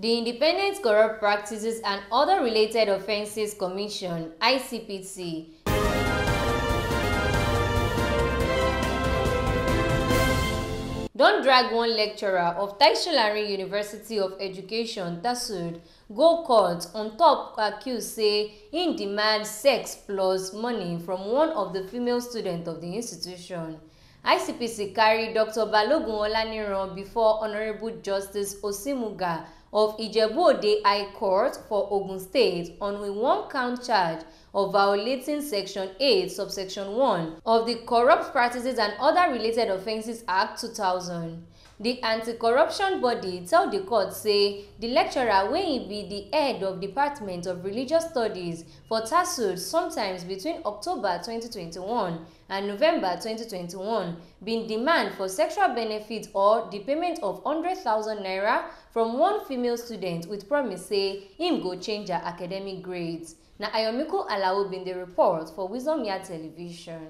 The Independent Corrupt Practices and Other Related Offences Commission (ICPC) don drag one lecturer of Taishilarin University of Education (TASUD) go court on top accuse say im demand sex plus money from one of the female students of the institution. ICPC carry Dr. Balogun Olaniran before Honourable Justice Osimuga of Ijebu-Ode High Court for Ogun State on a one-count charge of violating Section 8, Subsection 1 of the Corrupt Practices and Other Related Offences Act 2000. The anti-corruption body tell the court say the lecturer wey e be the head of Department of Religious Studies for TASUD sometimes between October 2021 and November 2021 bin demand for sexual benefits or the payment of 100,000 naira from one female female student wit promise say im go change her academic grades na ayomiko alao bin dey report for wisdom yard television.